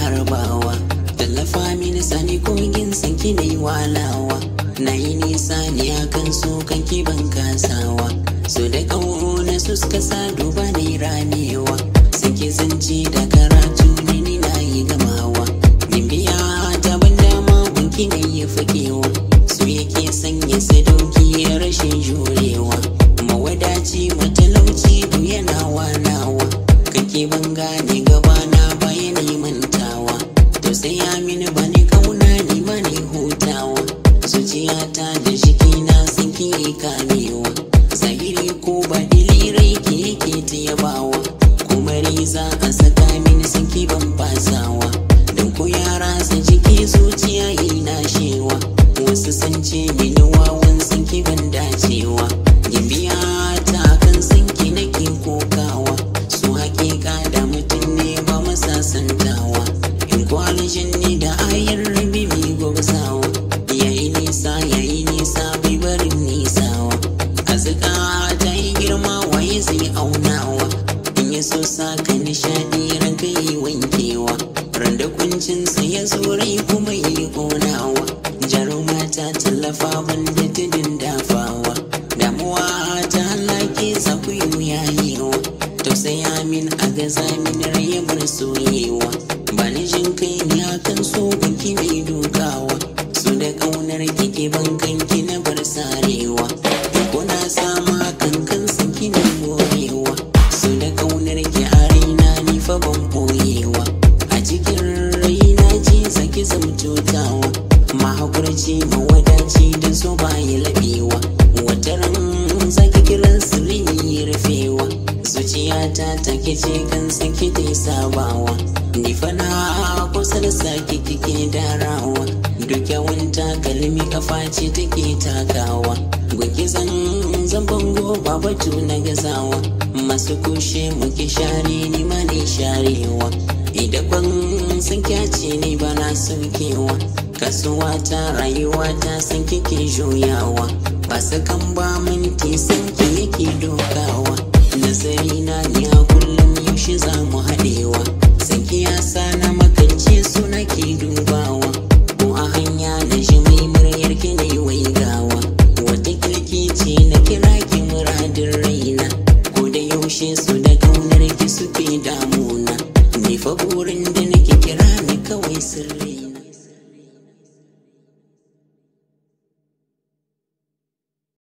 harbawa tallafa mini sani kogin sanki na yi walawa na yi nisa ne akan so kan ban kasawa su da kawo na su suka sa duba na yi ramewa sanki zanci da karatu ne ni na yi gamawa gimbiya ta ban dama kunki na yi fakewa su yake sanya sadauki rashin jurewa mawadaci matalauci duk yana walawa kake ban gane su sance ni da wawan tsinki ban dacewa gimbiya ta kan tsinki nake kokawa su hakika da mutum ne ba masa santawa in kwalishin ne da ayar rabi mai ya yayi nisa yayi nisa bai barin nisawa a zika ta yi girma waye zai aunawa in ya so sa ka nishaɗi ranka yi wankewa randa kuncinsa ya zo rai kuma yi ƙonawa tallafa ban da tudun dafawa damuwa ta halaki za ku yi wuyayewa tausaya min a gaza min rayabar soyewa ba ni jin kai ya kan so ban kine dokawa su da ƙaunar kike ban mahaƙurci mawadaci da so baya laɓewa wataran zaki kiran sirri rufewa zuciyata ta kice kan saki ta sabawa ni fana kusa da saki kike darawa duk yawan takalmi kafa ce take takawa gwaki zan zan bango babatu na gazawa masu kushe muke share ni ma ne sharewa idan ban san kyace ni bana na saukewa kasuwata rayuwata rayuwa kike juyawa ba kan ba minti san ki yake dokawa nazari na ya kullum yaushe za mu haɗewa sun kiya sa na makance su nake dubawa ko a hanya na shi mai muryar ki ne wai gawa wata kirki ce na kira ki muradin raina ko da yaushe su da kaunar ki suke damuna ne fa burin da nake kira ni kawai sirri